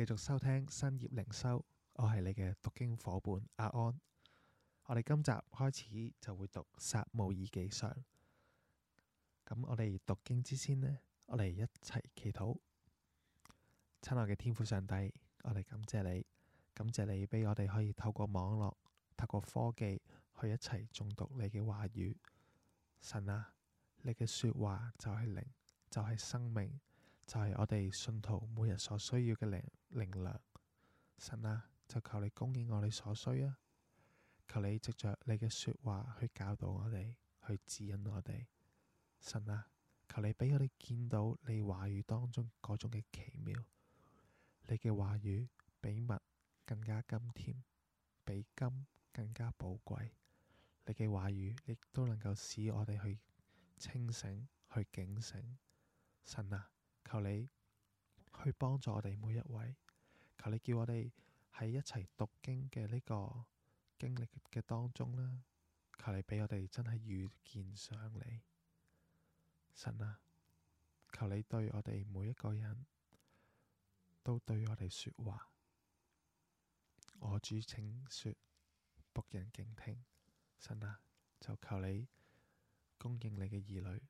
繼續收聽新葉靈修，我係你嘅讀經夥伴阿安。我哋今集開始就會讀撒母耳記上。咁我哋讀經之前呢，我哋一齊祈禱。親愛嘅天父上帝，我哋感謝你，感謝你俾我哋可以透過網絡、透過科技去一齊誦讀你嘅話語。神啊，你嘅說話就係靈，就係生命。就係我哋信徒每日所需要嘅力量，神啊，就求你供應我哋所需啊！求你藉着你嘅說話去教導我哋，去指引我哋。神啊，求你畀我哋見到你話語當中嗰種嘅奇妙。你嘅話語比蜜更加甘甜，比金更加寶貴。你嘅話語亦都能夠使我哋去清醒，去警醒。神啊！求你去幫助我哋每一位，求你叫我哋喺一齊讀經嘅呢個經歷嘅當中啦。求你俾我哋真係遇見上你，神啊！求你對我哋每一個人都對我哋說話，我主請說，僕人敬聽。神啊，就求你供應你嘅兒女，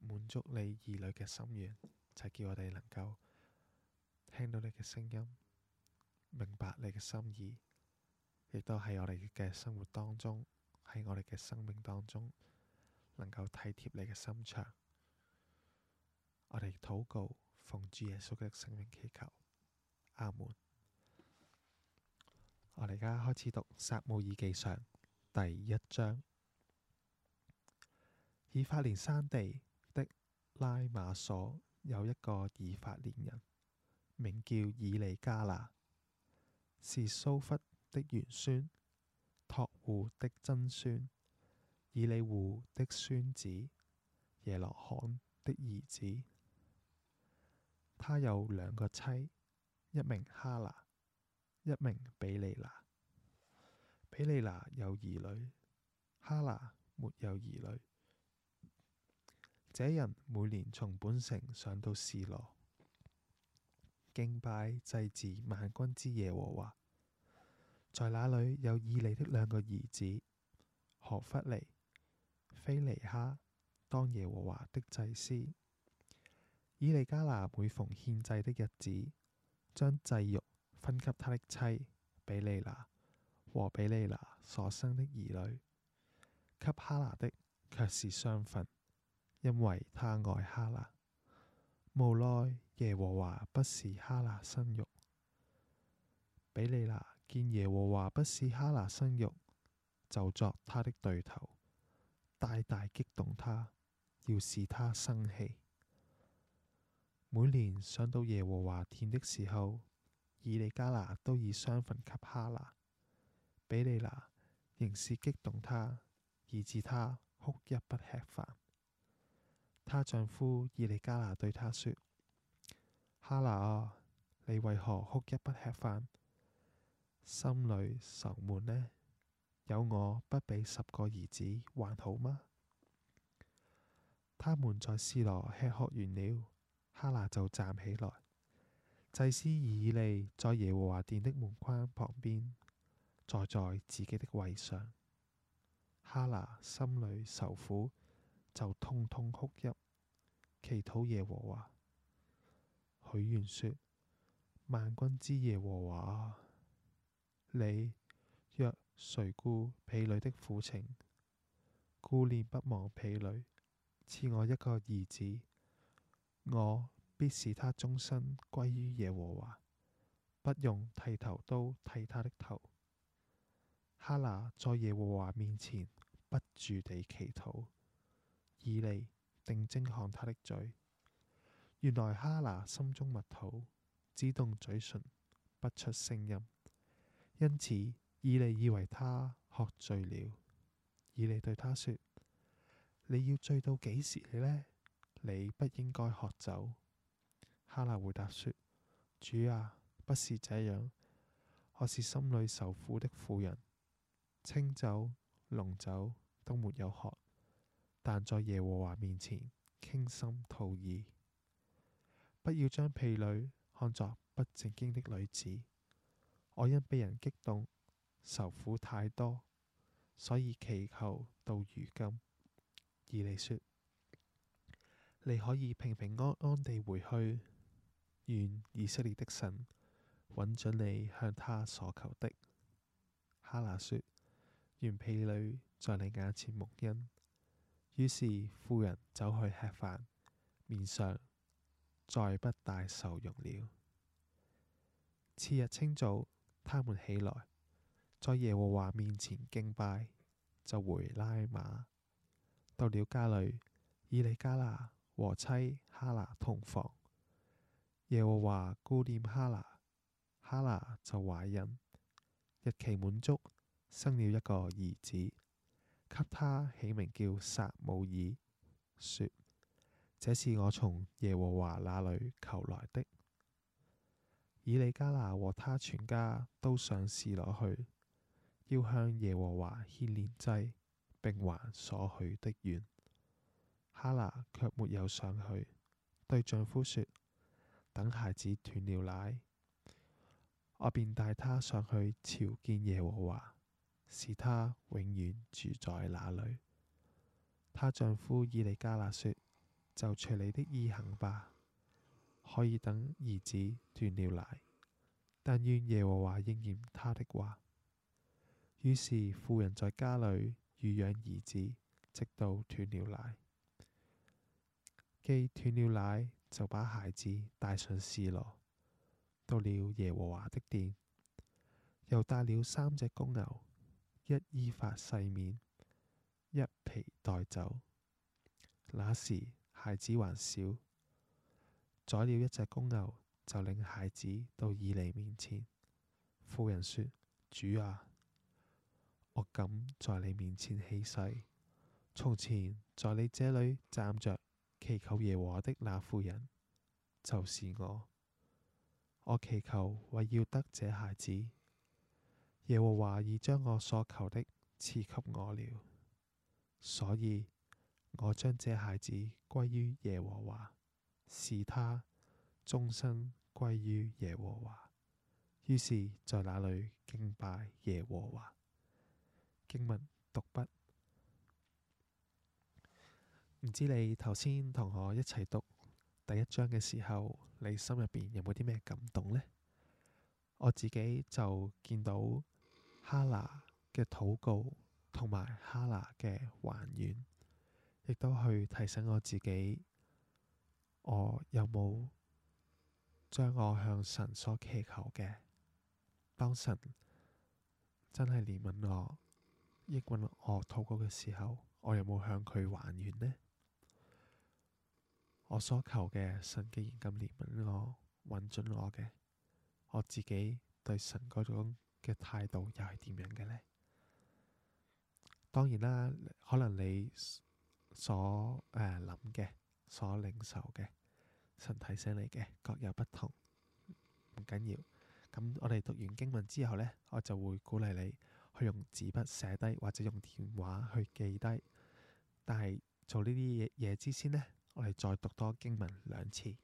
滿足你兒女嘅心願。就叫我哋能夠聽到你嘅聲音，明白你嘅心意，亦都係我哋嘅生活當中，喺我哋嘅生命當中，能夠體貼你嘅心腸。我哋禱告，奉主耶穌嘅聖名祈求，阿門。我哋而家開始讀《撒母耳記上》第一章，以法蓮山地的拉馬所。有一個以法蓮人，名叫以利加拿，是蘇弗的玄孫，托戶的曾孫，以利戶的孫子，耶羅罕的兒子。他有兩個妻，一名哈拿，一名毗尼拿。毗尼拿有兒女，哈拿沒有兒女。這人每年從本城上到示羅敬拜祭祀萬軍之耶和華，在那裏有以利的兩個兒子何弗尼、非尼哈當耶和華的祭司。以利加拿每逢獻祭的日子，將祭肉分給他的妻比利拿和比利拿所生的兒女，給哈拿的卻是雙份。因為他愛哈拿，無奈耶和華不是哈拿生育。比利拿見耶和華不是哈拿生育，就作他的對頭，大大激動他，要使他生氣。每年上到耶和華殿的時候，以利加拿都以雙份給哈拿。比利拿仍是激動他，以致他哭泣不吃飯。她丈夫以利加拿對她說：哈拿啊，你為何哭泣不吃飯，心裏愁悶呢？有我不比十個兒子還好嗎？他們在斯羅吃喝完了，哈拿就站起來。祭司以利在耶和華殿的門框旁邊坐在自己的位上，哈拿心裏愁苦。就痛痛哭泣，祈禱耶和華。許願說：萬軍之耶和華，你若垂顧婢女的苦情，顧念不忘婢女，賜我一個兒子，我必使他終身歸於耶和華，不用剃頭刀剃他的頭。哈拿在耶和華面前不住地祈禱。以利定睛看他的嘴，原來哈拿心中默禱，只動嘴唇，不出聲音，因此以利以為他喝醉了。以利對他說：你要醉到幾時呢？你不應該喝酒。哈拿回答說：主啊，不是這樣，我是心裏受苦的婦人，清酒濃酒都沒有喝。但在耶和華面前傾心吐意，不要將婢女看作不正經的女子。我因被人激動，愁苦太多，所以祈求到如今。以利說，你可以平平安安地回去，願以色列的神允準你向他所求的。哈拿說：願婢女在你眼前蒙恩。於是婦人走去吃飯，面上再不帶愁容了。次日清早，他們起來，在耶和華面前敬拜，就回拉馬。到了家裏，以利加拿和妻哈拿同房，耶和華顧念哈拿，哈拿就懷孕，日期滿足，生了一個兒子。給他起名叫撒母耳，說，這是我從耶和華那裏求來的。以利加拿和他全家都上示羅去，要向耶和華獻年祭，並還所許的願。哈拿卻沒有上去，對丈夫說：等孩子斷了奶，我便帶他上去朝見耶和華。是他永遠住在那裏。她丈夫伊利加納說：就隨你的意行吧，可以等兒子斷了奶。但願耶和華應驗他的話。於是婦人在家裏乳養兒子，直到斷了奶。既斷了奶，就把孩子帶上示羅，到了耶和華的殿，又帶了三隻公牛。一伊法細麵，一皮袋酒。那時孩子還小，宰了一隻公牛，就領孩子到以利面前。婦人說：主啊，我敢在你面前起誓，從前在你這裏站着祈求耶和華的那婦人就是我，我祈求為要得這孩子。耶和華已將我所求的賜給我了，所以我將這孩子歸於耶和華，使他終身歸於耶和華。於是，在那裡敬拜耶和華。經文讀畢，唔知你頭先同我一齊讀第一章嘅時候，你心入邊有冇啲咩感動呢？我自己就見到，哈拿嘅禱告同埋哈拿嘅還願，亦都去提醒我自己，我有冇將我向神所祈求嘅，當神真係憐憫我、應允我禱告嘅時候，我有冇向佢還願呢？我所求嘅神竟然咁憐憫我、允准我嘅，我自己對神嗰種。嘅態度又係點樣嘅呢？當然啦，可能你所誒諗嘅、所領受嘅，神提醒你嘅各有不同，唔緊要。咁我哋讀完經文之後呢，我就會鼓勵你去用紙筆寫低，或者用電話去記低。但係做呢啲嘢之前呢，我哋再讀多經文兩次。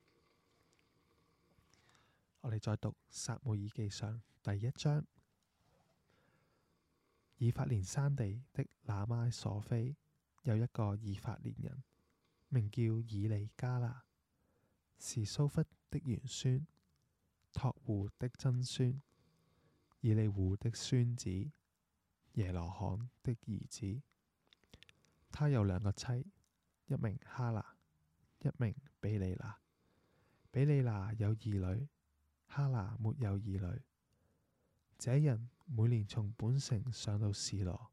我哋再讀《撒母耳記上》第一章。以法連山地的拉瑪瑣非有一個以法連人，名叫以利加拿，是蘇弗的玄孫，託戶的曾孫，以利戶的孫子，耶羅罕的兒子。他有兩個妻，一名哈拿，一名比利拿。比利拿有兒女，哈拿沒有兒女。這人，每年從本城上到士羅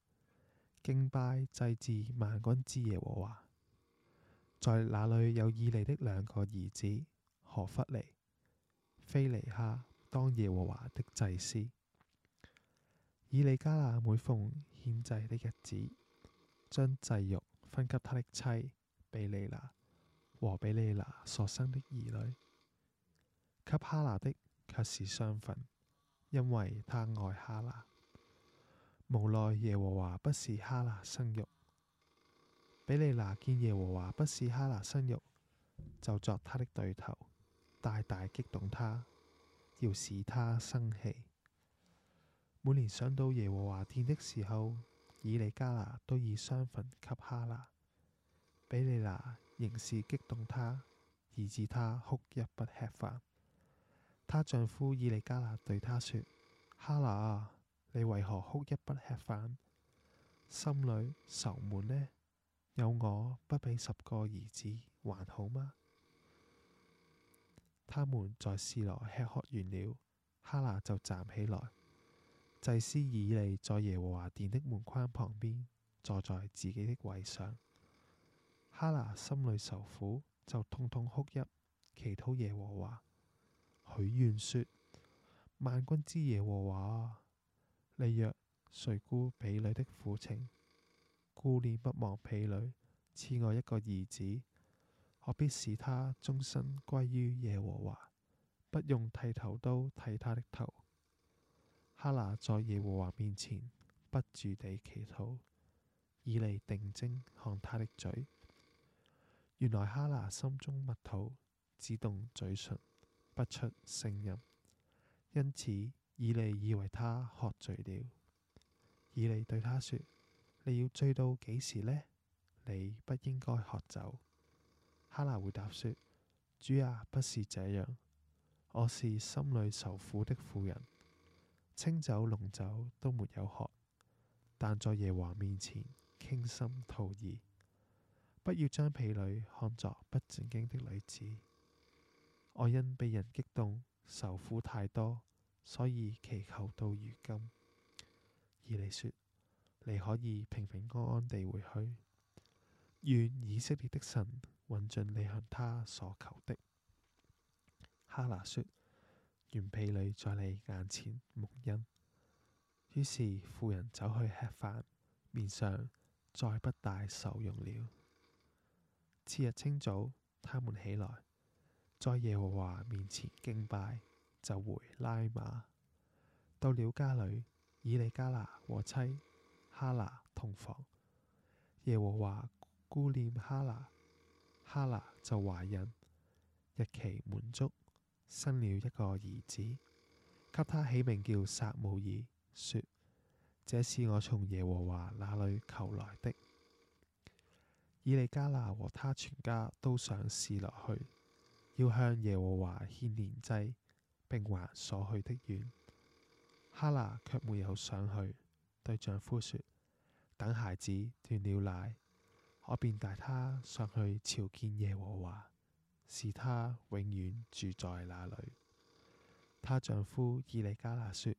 敬拜祭祀萬軍之耶和華，在那裏有以利的兩個兒子何弗尼、菲尼哈當耶和華的祭司。以利加拿每逢獻祭的日子，將祭肉分給他的妻比利拿和比利拿所生的兒女，給哈拿的卻是雙份。因為他愛哈拿，無奈耶和華不是哈拿生育。毗尼拿見耶和華不是哈拿生育，就作他的對頭，大大激動他，要使他生氣。每年上到耶和華殿的時候，以利加拿都以雙份給哈拿。毗尼拿仍是激動他，以致他哭泣不吃飯。她丈夫以利加拿對她說：哈拿啊，你為何哭泣不吃飯，心裏愁悶呢？有我不比十個兒子還好嗎？他們在士羅吃喝完了，哈拿就站起來。祭司以利在耶和華殿的門框旁邊坐在自己的位上。哈拿心裏受苦，就痛痛哭泣，祈禱耶和華。許願說：萬軍之耶和華啊，你若垂顧婢女的苦情，顧念不忘婢女，賜我一個兒子，何必使他終身歸於耶和華，不用剃頭刀剃他的頭。哈拿在耶和華面前不住地祈禱，以利定睛看他的嘴，原來哈拿心中默禱，只動嘴唇。不出聲音，因此以利以為他喝醉了。以利對他說：你要醉到幾時呢？你不應該喝酒。哈拿回答說：主啊，不是這樣，我是心裏受苦的婦人，清酒濃酒都沒有喝，但在耶和華面前傾心吐意。不要將婢女看作不正經的女子。我因被人激動、受苦太多，所以祈求到如今。而你說，你可以平平安安地回去。願以色列的神允准你向他所求的。哈拿說：願婢女在你眼前蒙恩。於是婦人走去吃飯，面上再不帶愁容了。次日清早，他們起來。在耶和華面前敬拜，就回拉馬。到了家裏，以利加拿和妻哈拿同房。耶和華顧念哈拿，哈拿就懷孕，日期滿足，生了一個兒子，給他起名叫撒母耳，說：這是我從耶和華那裏求來的。以利加拿和他全家都想試落去。要向耶和華獻年祭，並還所去的願。哈拿卻沒有上去，對丈夫說：等孩子斷了奶，我便帶他上去朝見耶和華，使他永遠住在那裏。她丈夫以利加拿說：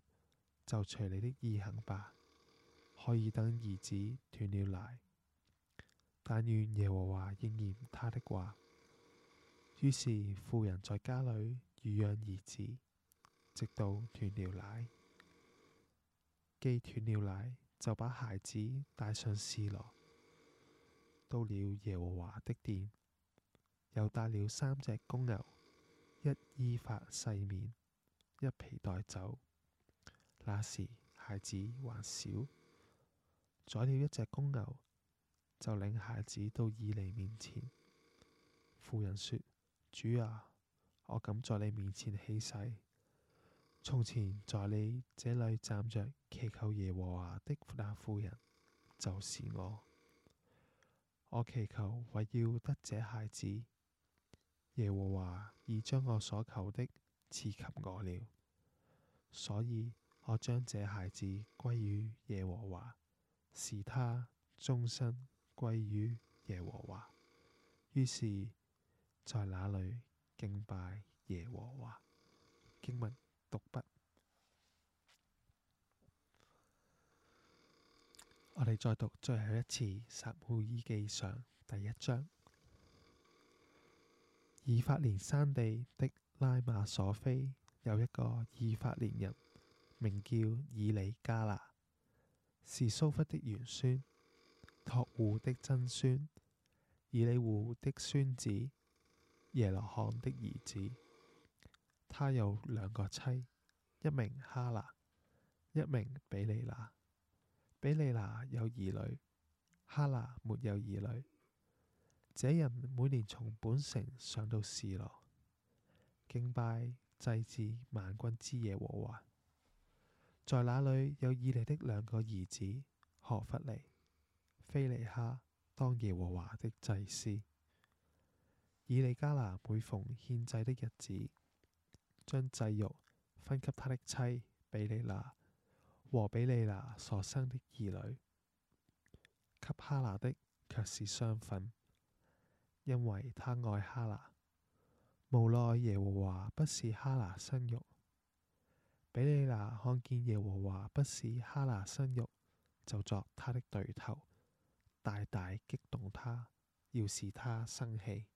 就隨你的意行吧，可以等兒子斷了奶，但願耶和華應驗他的話。於是婦人在家裏餵養兒子，直到斷了奶。既斷了奶，就把孩子帶上示羅，到了耶和華的殿，又帶了三隻公牛，一衣法細麵，一皮袋酒。那時孩子還小，宰了一隻公牛，就領孩子到以利面前。婦人說。主啊，我敢在你面前起誓，從前在你這裏站着祈求耶和華的那婦人就是我。我祈求為要得這孩子，耶和華已將我所求的賜給我了。所以，我將這孩子歸於耶和華，使他終身歸於耶和華。於是。在那裏敬拜耶和華。經文讀畢。我哋再讀最後一次《撒母耳記上》第一章。以法蓮山地的拉馬索菲有一個以法蓮人，名叫以利加拿，是蘇弗的玄孫，托戶的曾孫，以利胡的孫子。耶羅漢的兒子，他有兩個妻，一名哈拿，一名比利拿。比利拿有兒女，哈拿沒有兒女。這人每年從本城上到示羅，敬拜祭祀萬軍之耶和華。在那裏有以利的兩個兒子何弗尼、非尼哈，當耶和華的祭司。以利加拿每逢獻祭的日子，將祭肉分給他的妻比利拿和比利拿所生的兒女，給哈拿的卻是雙份，因為他愛哈拿。無奈耶和華不是哈拿生育，比利拿看見耶和華不是哈拿生育，就作他的對頭，大大激動他，要使他生氣。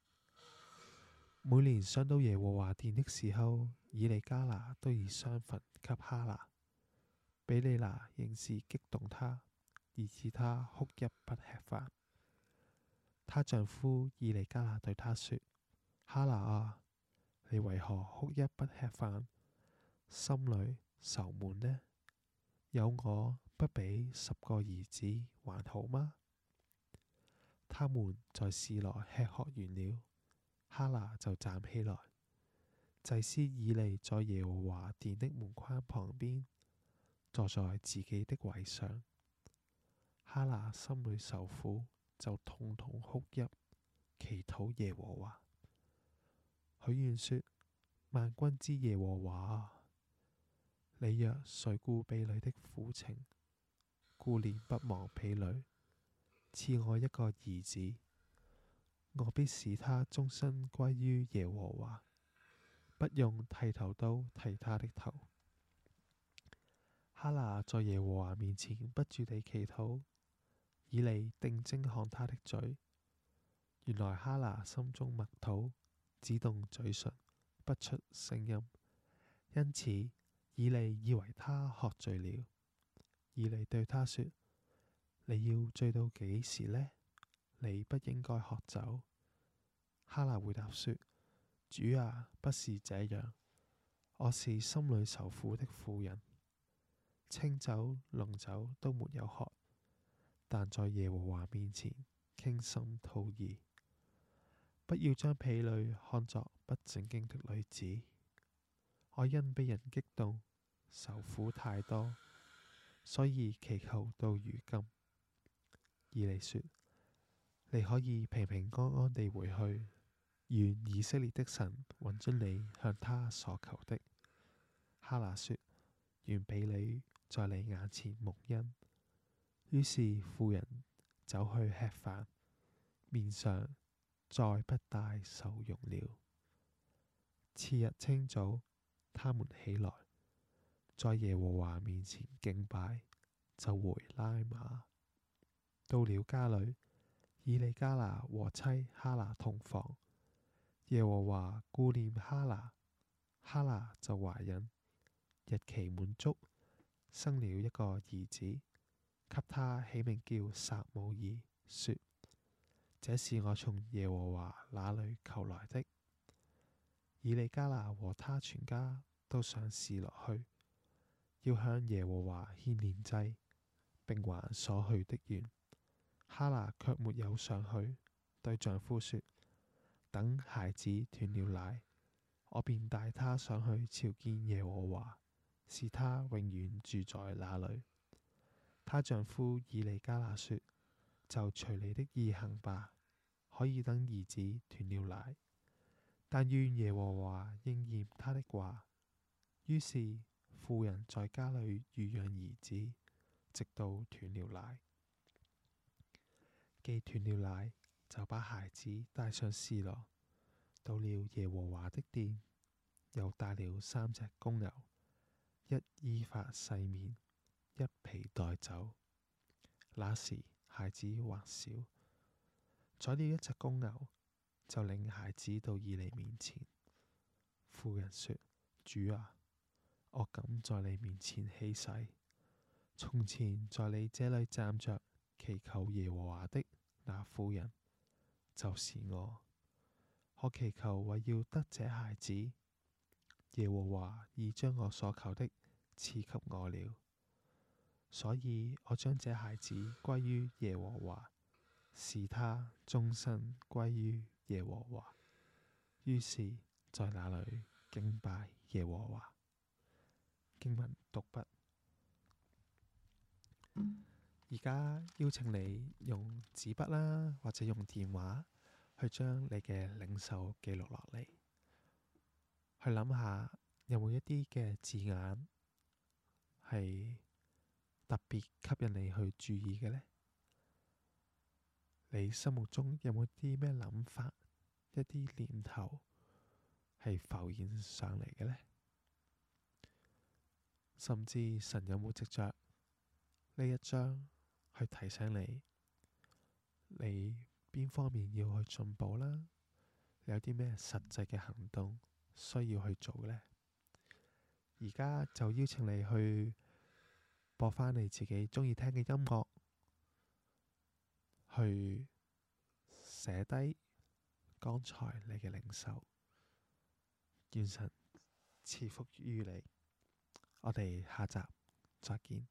每年上到耶和華殿的時候，以利加拿都以雙份給哈拿，比利拿仍是激動他，以致他哭泣不吃飯。她丈夫以利加拿對她說：哈拿啊，你為何哭泣不吃飯，心裡愁悶呢？有我不比十個兒子還好嗎？他們在市內吃喝完了。哈拿就站起來，祭司以利在耶和華殿的門框旁邊坐在自己的位上。哈拿心裏受苦，就痛痛哭泣，祈禱耶和華，許願說：萬軍之耶和華啊，你若垂顧婢女的苦情，顧念不忘婢女，賜我一個兒子。我必使他終身歸於耶和華，不用剃頭刀剃他的頭。哈拿在耶和華面前不住地祈禱，以利定睛看他的嘴，原來哈拿心中默禱，只動嘴唇，不出聲音，因此以利以為他喝醉了。以利對他說：你要醉到幾時呢？你不應該喝酒。哈拿回答說：主啊，不是這樣，我是心裏受苦的婦人，清酒濃酒都沒有喝，但在耶和華面前傾心吐意。不要將婢女看作不正經的女子。我因被人激動，受苦太多，所以祈求到如今。以利說。你可以平平安安地回去，願以色列的神允准你向他所求的。哈拿說：願俾你在你眼前蒙恩。於是婦人走去吃飯，面上再不帶愁容了。次日清早，他們起來，在耶和華面前敬拜，就回拉馬。到了家裡。以利加拿和妻哈拿同房，耶和華顧念哈拿，哈拿就懷孕，日期滿足，生了一個兒子，給他起名叫撒母耳，說：這是我從耶和華那裏求來的。以利加拿和他全家都想試落去，要向耶和華獻念祭，並還所許的願。哈拿卻沒有上去，對丈夫說：等孩子斷了奶，我便帶他上去朝見耶和華，使他永遠住在那裏。她丈夫以利加拿說：就隨你的意行吧，可以等兒子斷了奶，但願耶和華應驗他的話。於是婦人在家裏乳養兒子，直到斷了奶。既斷了奶，就把孩子帶上示羅，到了耶和華的殿，又帶了三隻公牛，一伊法細麵，一皮袋走。那時孩子還小，宰了一隻公牛，就領孩子到以利面前。婦人說：主啊，我敢在你面前起誓，從前在你這裏站着，祈求耶和華的。那婦人就是我，我祈求為要得這孩子，耶和華已將我所求的賜給我了，所以我將這孩子歸於耶和華，使他終身歸於耶和華，於是在那裏敬拜耶和華。經文讀畢。嗯而家邀請你用紙筆啦，或者用電話去將你嘅領受記錄落嚟。去諗下有冇一啲嘅字眼係特別吸引你去注意嘅呢？你心目中有冇啲咩諗法，一啲念頭係浮現上嚟嘅呢？甚至神有冇藉著呢一章？去提醒你，你邊方面要去進步啦，你有啲咩實際嘅行動需要去做呢？而家就邀請你去播翻你自己鍾意聽嘅音樂，去寫低剛才你嘅靈修，願神賜福於你，我哋下集再見。